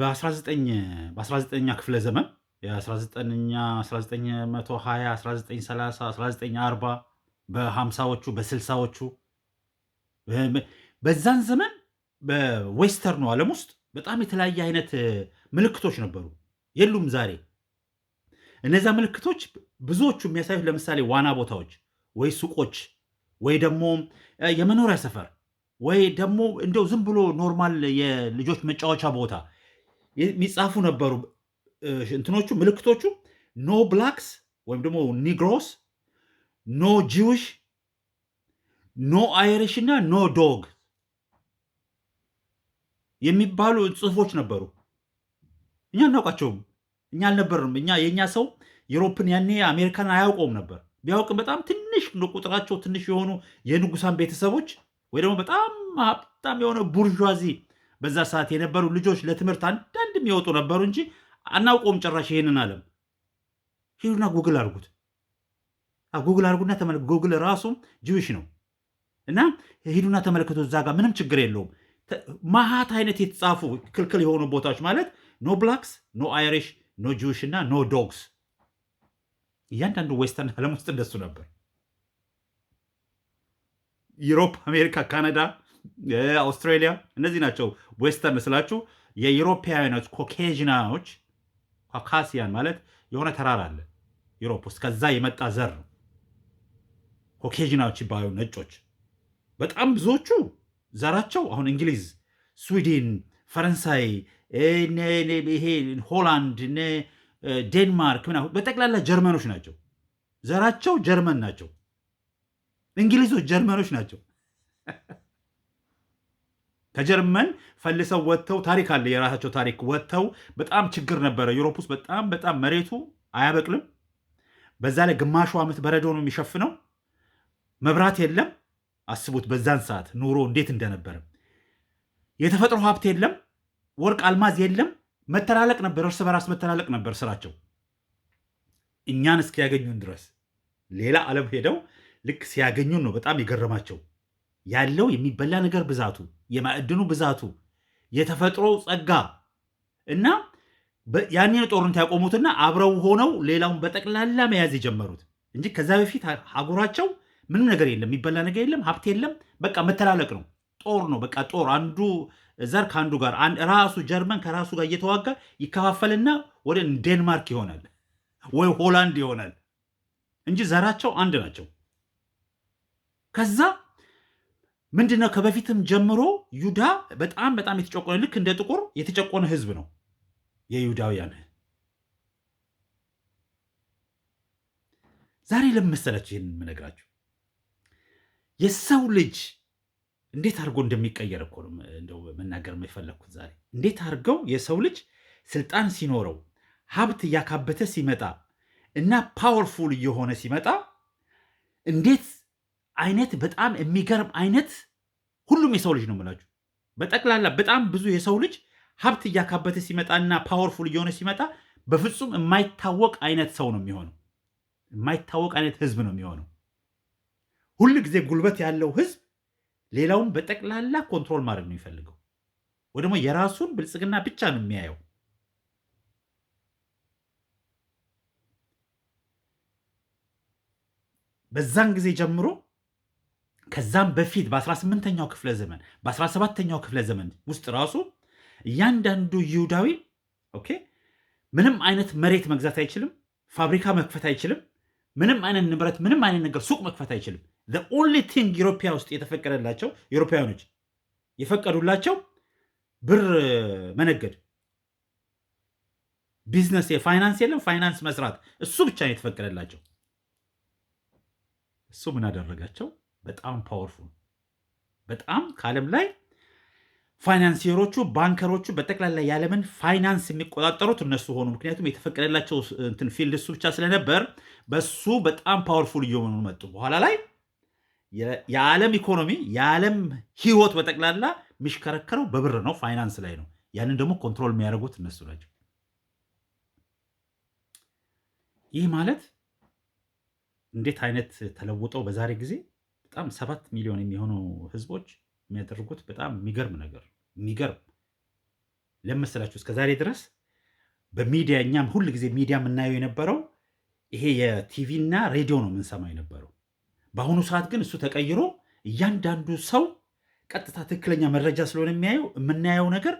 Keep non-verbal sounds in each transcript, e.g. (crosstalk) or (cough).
በ19ኛ ክፍለ ዘመን የ19ኛ 1920 1930 1940 በ50ዎቹ በ60ዎቹ በዛን ዘመን በዌስተርኑ ዓለም ውስጥ በጣም የተለያየ አይነት ምልክቶች ነበሩ፣ የሉም ዛሬ። እነዛ ምልክቶች ብዙዎቹ የሚያሳዩት ለምሳሌ ዋና ቦታዎች ወይ ሱቆች ወይ ደግሞ የመኖሪያ ሰፈር ወይ ደግሞ እንደው ዝም ብሎ ኖርማል የልጆች መጫወቻ ቦታ የሚጻፉ ነበሩ እንትኖቹ ምልክቶቹ ኖ ብላክስ ወይም ደግሞ ኒግሮስ፣ ኖ ጂውሽ ኖ አይሪሽ እና ኖ ዶግ የሚባሉ ጽሁፎች ነበሩ። እኛ አናውቃቸውም። እኛ አልነበርንም። እኛ የእኛ ሰው ዩሮፕን ያኔ አሜሪካን አያውቀውም ነበር። ቢያውቅም በጣም ትንሽ ቁጥራቸው ትንሽ የሆኑ የንጉሳን ቤተሰቦች ወይ ደግሞ በጣም ሀብታም የሆነ ቡርዣዚ በዛ ሰዓት የነበሩ ልጆች ለትምህርት አንዳንድም የወጡ ነበሩ እንጂ አናውቀውም ጭራሽ ይህንን አለም። ሂዱና ጉግል አድርጉት። ጉግል አድርጉና ተመለ ጉግል ራሱ ጅዊሽ ነው እና ሂዱና ተመለከቱ። እዛ ጋር ምንም ችግር የለውም። ማሃት አይነት የተጻፉ ክልክል የሆኑ ቦታዎች ማለት ኖ ብላክስ፣ ኖ አይሪሽ፣ ኖ ጅዊሽ እና ኖ ዶግስ። እያንዳንዱ ዌስተርን ዓለም ውስጥ እንደሱ ነበር። ዩሮፕ፣ አሜሪካ፣ ካናዳ አውስትራሊያ እነዚህ ናቸው ዌስተርን ስላችሁ የዩሮፒያኖች ኮኬዥናዎች ካካሲያን ማለት የሆነ ተራራ አለ ዩሮፕ ውስጥ ከዛ የመጣ ዘር ነው ኮኬዥናዎች ይባሉ ነጮች በጣም ብዙዎቹ ዘራቸው አሁን እንግሊዝ ስዊድን ፈረንሳይ ይሄ ሆላንድ ዴንማርክ በጠቅላላ ጀርመኖች ናቸው ዘራቸው ጀርመን ናቸው እንግሊዞች ጀርመኖች ናቸው ከጀርመን ፈልሰው ወጥተው ታሪክ አለ የራሳቸው ታሪክ ወጥተው በጣም ችግር ነበረ። ዩሮፕ ውስጥ በጣም በጣም መሬቱ አያበቅልም። በዛ ላይ ግማሹ ዓመት በረዶ ነው የሚሸፍነው። መብራት የለም። አስቡት በዛን ሰዓት ኑሮ እንዴት እንደነበረ። የተፈጥሮ ሀብት የለም። ወርቅ፣ አልማዝ የለም። መተላለቅ ነበር፣ እርስ በራስ መተላለቅ ነበር ስራቸው። እኛን እስኪያገኙን ድረስ ሌላ ዓለም ሄደው ልክ ሲያገኙን ነው በጣም የገረማቸው። ያለው የሚበላ ነገር ብዛቱ፣ የማዕድኑ ብዛቱ፣ የተፈጥሮ ጸጋ እና ያንን ጦርነት ያቆሙትና አብረው ሆነው ሌላውን በጠቅላላ መያዝ የጀመሩት እንጂ ከዛ በፊት አህጉራቸው ምንም ነገር የለም፣ የሚበላ ነገር የለም፣ ሀብት የለም። በቃ መተላለቅ ነው፣ ጦር ነው። በቃ ጦር አንዱ ዘር ከአንዱ ጋር ራሱ ጀርመን ከራሱ ጋር እየተዋጋ ይከፋፈልና ወደ ዴንማርክ ይሆናል ወይ ሆላንድ ይሆናል እንጂ ዘራቸው አንድ ናቸው። ከዛ ምንድነው ከበፊትም ጀምሮ ዩዳ በጣም በጣም የተጨቆነ ልክ እንደ ጥቁር የተጨቆነ ህዝብ ነው የይሁዳውያን ዛሬ ለምን መሰላችሁ ይህን የምነግራችሁ የሰው ልጅ እንዴት አድርጎ እንደሚቀየር እኮ ነው መናገር የፈለግኩት ዛሬ እንዴት አድርገው የሰው ልጅ ስልጣን ሲኖረው ሀብት እያካበተ ሲመጣ እና ፓወርፉል እየሆነ ሲመጣ እንዴት አይነት በጣም የሚገርም አይነት ሁሉም የሰው ልጅ ነው የምላችሁ። በጠቅላላ በጣም ብዙ የሰው ልጅ ሀብት እያካበተ ሲመጣና ፓወርፉል እየሆነ ሲመጣ በፍጹም የማይታወቅ አይነት ሰው ነው የሚሆነው። የማይታወቅ አይነት ህዝብ ነው የሚሆነው። ሁል ጊዜ ጉልበት ያለው ህዝብ ሌላውን በጠቅላላ ኮንትሮል ማድረግ ነው የሚፈልገው፣ ወይ ደግሞ የራሱን ብልጽግና ብቻ ነው የሚያየው። በዛን ጊዜ ጀምሮ ከዛም በፊት በ18ኛው ክፍለ ዘመን በ17ኛው ክፍለ ዘመን ውስጥ ራሱ እያንዳንዱ ይሁዳዊ ኦኬ ምንም አይነት መሬት መግዛት አይችልም፣ ፋብሪካ መክፈት አይችልም፣ ምንም አይነት ንብረት፣ ምንም አይነት ነገር ሱቅ መክፈት አይችልም። ኦንሊ ቲንግ ኢሮፒያ ውስጥ የተፈቀደላቸው ኢሮፓውያኖች የፈቀዱላቸው ብር መነገድ፣ ቢዝነስ፣ የፋይናንስ የለም ፋይናንስ መስራት፣ እሱ ብቻ ነው የተፈቀደላቸው። እሱ ምን አደረጋቸው? በጣም ፓወርፉል በጣም ከዓለም ላይ ፋይናንሲሮቹ ባንከሮቹ በጠቅላላ የዓለምን ፋይናንስ የሚቆጣጠሩት እነሱ ሆኑ። ምክንያቱም የተፈቀደላቸው እንትን ፊልድ እሱ ብቻ ስለነበር በሱ በጣም ፓወርፉል እየሆኑ መጡ። በኋላ ላይ የዓለም ኢኮኖሚ የዓለም ህይወት በጠቅላላ የሚሽከረከረው በብር ነው፣ ፋይናንስ ላይ ነው። ያንን ደግሞ ኮንትሮል የሚያደርጉት እነሱ ናቸው። ይህ ማለት እንዴት አይነት ተለውጠው በዛሬ ጊዜ በጣም ሰባት ሚሊዮን የሚሆኑ ህዝቦች የሚያደርጉት በጣም የሚገርም ነገር የሚገርም ለመሰላችሁ እስከዛሬ ድረስ በሚዲያ እኛም ሁል ጊዜ ሚዲያ የምናየው የነበረው ይሄ የቲቪ እና ሬዲዮ ነው የምንሰማው የነበረው። በአሁኑ ሰዓት ግን እሱ ተቀይሮ እያንዳንዱ ሰው ቀጥታ ትክክለኛ መረጃ ስለሆነ የሚያየው የምናየው ነገር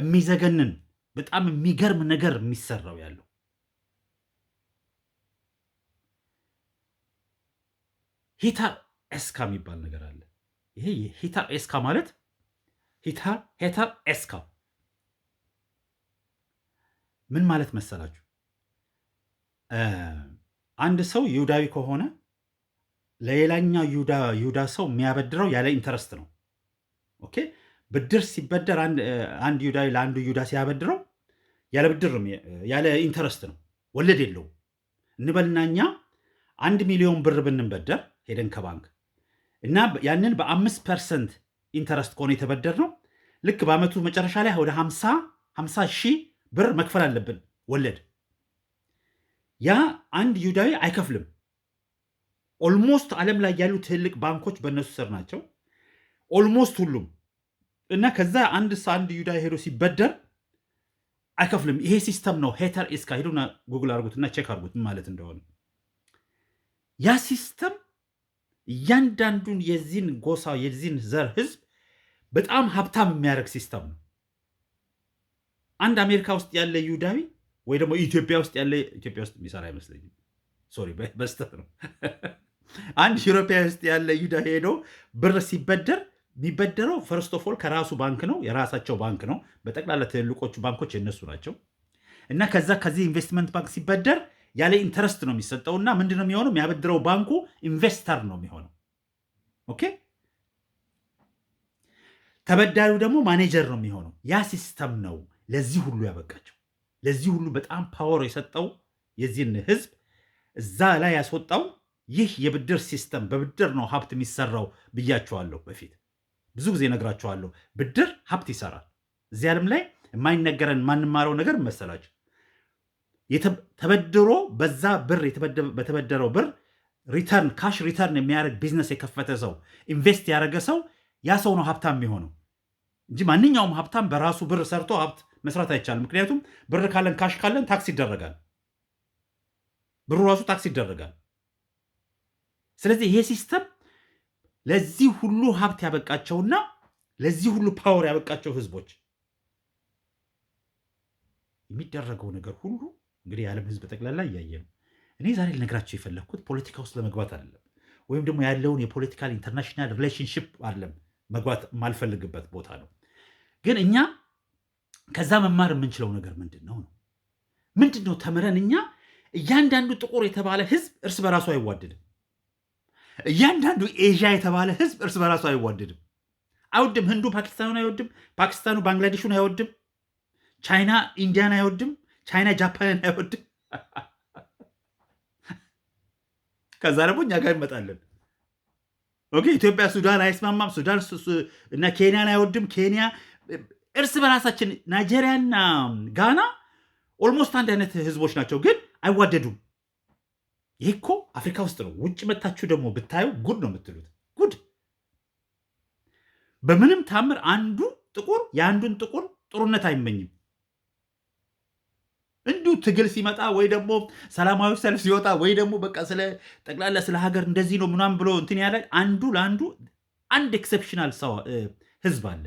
የሚዘገንን በጣም የሚገርም ነገር የሚሰራው ያለው ሂታ ኤስካ የሚባል ነገር አለ። ይሄ ሂታር ኤስካ ማለት ሂታ ሄታ ኤስካ ምን ማለት መሰላችሁ? አንድ ሰው ይሁዳዊ ከሆነ ለሌላኛው ይሁዳ ሰው የሚያበድረው ያለ ኢንተረስት ነው። ኦኬ ብድር ሲበደር አንድ ይሁዳዊ ለአንዱ ይሁዳ ሲያበድረው ያለ ብድር ያለ ኢንተረስት ነው፣ ወለድ የለውም። እንበልናኛ አንድ ሚሊዮን ብር ብንበደር ሄደን ከባንክ እና ያንን በአምስት ፐርሰንት ኢንተረስት ከሆነ የተበደር ነው ልክ በአመቱ መጨረሻ ላይ ወደ 55ሳ ሺህ ብር መክፈል አለብን ወለድ። ያ አንድ ይሁዳዊ አይከፍልም። ኦልሞስት ዓለም ላይ ያሉ ትልቅ ባንኮች በእነሱ ስር ናቸው፣ ኦልሞስት ሁሉም እና ከዛ አንድ አንድ ይሁዳዊ ሄዶ ሲበደር አይከፍልም። ይሄ ሲስተም ነው ሄተር ኢስካ ጉግል አርጉትና ቼክ አርጉት ማለት እንደሆነ ያ ሲስተም እያንዳንዱን የዚህን ጎሳ የዚህን ዘር ህዝብ በጣም ሀብታም የሚያደርግ ሲስተም ነው። አንድ አሜሪካ ውስጥ ያለ ይሁዳዊ ወይ ደግሞ ኢትዮጵያ ውስጥ ያለ ኢትዮጵያ ውስጥ የሚሰራ አይመስለኝም። ሶሪ በስተት ነው። (laughs) አንድ ዩሮፒያ ውስጥ ያለ ይሁዳዊ ሄዶ ብር ሲበደር የሚበደረው ፈርስት ኦፍ ኦል ከራሱ ባንክ ነው፣ የራሳቸው ባንክ ነው። በጠቅላላ ትልልቆቹ ባንኮች የነሱ ናቸው እና ከዛ ከዚህ ኢንቨስትመንት ባንክ ሲበደር ያለ ኢንተረስት ነው የሚሰጠው እና ምንድን ነው የሚሆነው? የሚያበድረው ባንኩ ኢንቨስተር ነው የሚሆነው። ኦኬ ተበዳሪው ደግሞ ማኔጀር ነው የሚሆነው። ያ ሲስተም ነው ለዚህ ሁሉ ያበቃቸው። ለዚህ ሁሉ በጣም ፓወር የሰጠው የዚህን ህዝብ እዛ ላይ ያስወጣው ይህ የብድር ሲስተም። በብድር ነው ሀብት የሚሰራው ብያቸዋለሁ በፊት ብዙ ጊዜ ነግራቸዋለሁ። ብድር ሀብት ይሰራል። እዚህ ዓለም ላይ የማይነገረን ማንማረው ነገር መሰላቸው ተበድሮ በዛ ብር በተበደረው ብር ሪተርን ካሽ ሪተርን የሚያደርግ ቢዝነስ የከፈተ ሰው ኢንቨስት ያደረገ ሰው ያ ሰው ነው ሀብታም የሚሆነው እንጂ ማንኛውም ሀብታም በራሱ ብር ሰርቶ ሀብት መስራት አይቻልም። ምክንያቱም ብር ካለን ካሽ ካለን ታክስ ይደረጋል፣ ብሩ ራሱ ታክስ ይደረጋል። ስለዚህ ይሄ ሲስተም ለዚህ ሁሉ ሀብት ያበቃቸውና ለዚህ ሁሉ ፓወር ያበቃቸው ህዝቦች የሚደረገው ነገር ሁሉ እንግዲህ የዓለም ህዝብ ጠቅላላ እያየ ነው። እኔ ዛሬ ልነግራቸው የፈለግኩት ፖለቲካ ውስጥ ለመግባት አይደለም፣ ወይም ደግሞ ያለውን የፖለቲካል ኢንተርናሽናል ሪሌሽንሽፕ አይደለም። መግባት የማልፈልግበት ቦታ ነው። ግን እኛ ከዛ መማር የምንችለው ነገር ምንድን ነው ነው ምንድን ነው ተምረን እኛ እያንዳንዱ ጥቁር የተባለ ህዝብ እርስ በራሱ አይዋደድም። እያንዳንዱ ኤዥያ የተባለ ህዝብ እርስ በራሱ አይዋደድም። አይወድም። ህንዱ ፓኪስታኑን አይወድም። ፓኪስታኑ ባንግላዴሹን አይወድም። ቻይና ኢንዲያን አይወድም። ቻይና ጃፓንን አይወድም። ከዛ ደግሞ እኛ ጋር ይመጣለን። ኦኬ ኢትዮጵያ ሱዳን አይስማማም፣ ሱዳን እና ኬንያን አይወድም። ኬንያ እርስ በራሳችን ናይጄሪያና ጋና ኦልሞስት አንድ አይነት ህዝቦች ናቸው፣ ግን አይዋደዱም። ይህ እኮ አፍሪካ ውስጥ ነው። ውጭ መታችሁ ደግሞ ብታዩ ጉድ ነው የምትሉት። ጉድ በምንም ታምር አንዱ ጥቁር የአንዱን ጥቁር ጥሩነት አይመኝም። እንዲሁ ትግል ሲመጣ ወይ ደግሞ ሰላማዊ ሰልፍ ሲወጣ ወይ ደግሞ በቃ ስለ ጠቅላላ ስለ ሀገር እንደዚህ ነው ምናምን ብሎ እንትን ያለ አንዱ ለአንዱ አንድ ኤክሰፕሽናል ሰው ህዝብ አለ።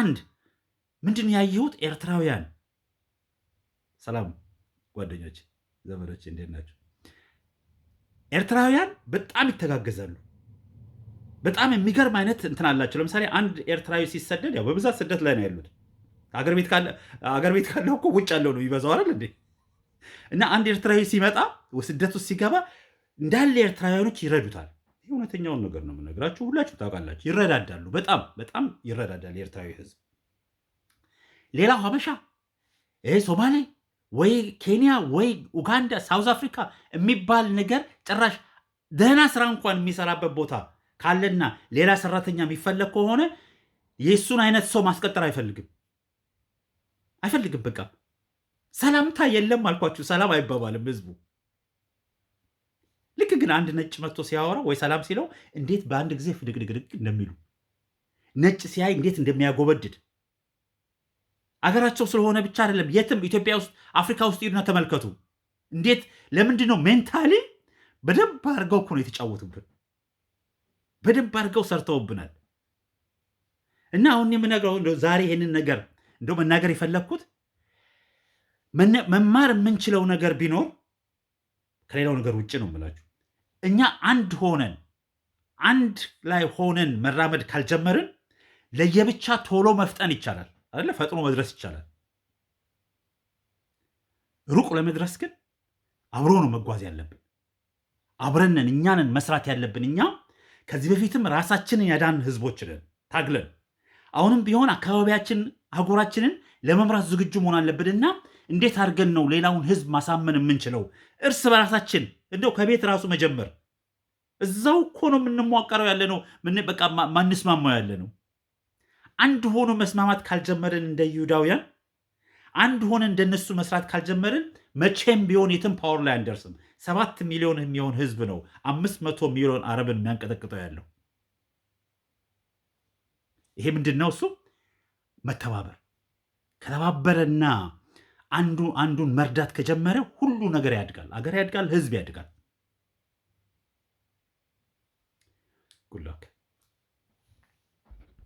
አንድ ምንድን ያየሁት ኤርትራውያን። ሰላም ጓደኞች፣ ዘመዶች እንዴት ናቸው? ኤርትራውያን በጣም ይተጋገዛሉ። በጣም የሚገርም አይነት እንትን አላቸው። ለምሳሌ አንድ ኤርትራዊ ሲሰደድ ያው በብዛት ስደት ላይ ነው ያሉት አገር ቤት ካለ አገር ቤት ካለው እኮ ውጭ ያለው ነው ይበዛው አይደል እንዴ? እና አንድ ኤርትራዊ ሲመጣ ስደት ውስጥ ሲገባ እንዳለ ኤርትራውያኖች ይረዱታል። ይህ እውነተኛውን ነገር ነው የምነግራችሁ፣ ሁላችሁ ታውቃላችሁ። ይረዳዳሉ። በጣም በጣም ይረዳዳል የኤርትራዊ ህዝብ ሌላው ሀበሻ ይሄ ሶማሌ ወይ ኬንያ ወይ ኡጋንዳ፣ ሳውዝ አፍሪካ የሚባል ነገር ጭራሽ ደህና ስራ እንኳን የሚሰራበት ቦታ ካለና ሌላ ሰራተኛ የሚፈለግ ከሆነ የእሱን አይነት ሰው ማስቀጠር አይፈልግም። አይፈልግም። በቃ ሰላምታ የለም አልኳችሁ። ሰላም አይባባልም ህዝቡ። ልክ ግን አንድ ነጭ መጥቶ ሲያወራ ወይ ሰላም ሲለው እንዴት በአንድ ጊዜ ፍድግድግድግ እንደሚሉ ነጭ ሲያይ እንዴት እንደሚያጎበድድ አገራቸው ስለሆነ ብቻ አይደለም። የትም ኢትዮጵያ ውስጥ፣ አፍሪካ ውስጥ ሂዱና ተመልከቱ። እንዴት ለምንድን ነው ሜንታሊ በደንብ አድርገው እኮ ነው የተጫወቱብን። በደንብ አድርገው ሰርተውብናል። እና አሁን የምነግረው ዛሬ ይሄንን ነገር እንደው መናገር የፈለግኩት መማር የምንችለው ነገር ቢኖር ከሌላው ነገር ውጭ ነው የምላችሁ። እኛ አንድ ሆነን አንድ ላይ ሆነን መራመድ ካልጀመርን ለየብቻ ቶሎ መፍጠን ይቻላል አይደለ? ፈጥኖ መድረስ ይቻላል። ሩቅ ለመድረስ ግን አብሮ ነው መጓዝ ያለብን። አብረንን እኛንን መስራት ያለብን እኛ ከዚህ በፊትም ራሳችንን ያዳን ህዝቦች ነን ታግለን አሁንም ቢሆን አካባቢያችን አህጉራችንን ለመምራት ዝግጁ መሆን አለብንና እንዴት አድርገን ነው ሌላውን ህዝብ ማሳመን የምንችለው? እርስ በራሳችን እንደው ከቤት ራሱ መጀመር እዛው እኮ ነው የምንሟቀረው ያለ ነው። በቃ ማንስማማው ያለ ነው። አንድ ሆኖ መስማማት ካልጀመርን እንደ ይሁዳውያን አንድ ሆነ እንደነሱ መስራት ካልጀመርን መቼም ቢሆን የትም ፓወር ላይ አንደርስም። ሰባት ሚሊዮን የሚሆን ህዝብ ነው አምስት መቶ ሚሊዮን አረብን የሚያንቀጠቅጠው ያለው ይሄ ምንድን ነው? እሱ መተባበር። ከተባበረና አንዱ አንዱን መርዳት ከጀመረ ሁሉ ነገር ያድጋል፣ አገር ያድጋል፣ ህዝብ ያድጋል። ጉድ ላክ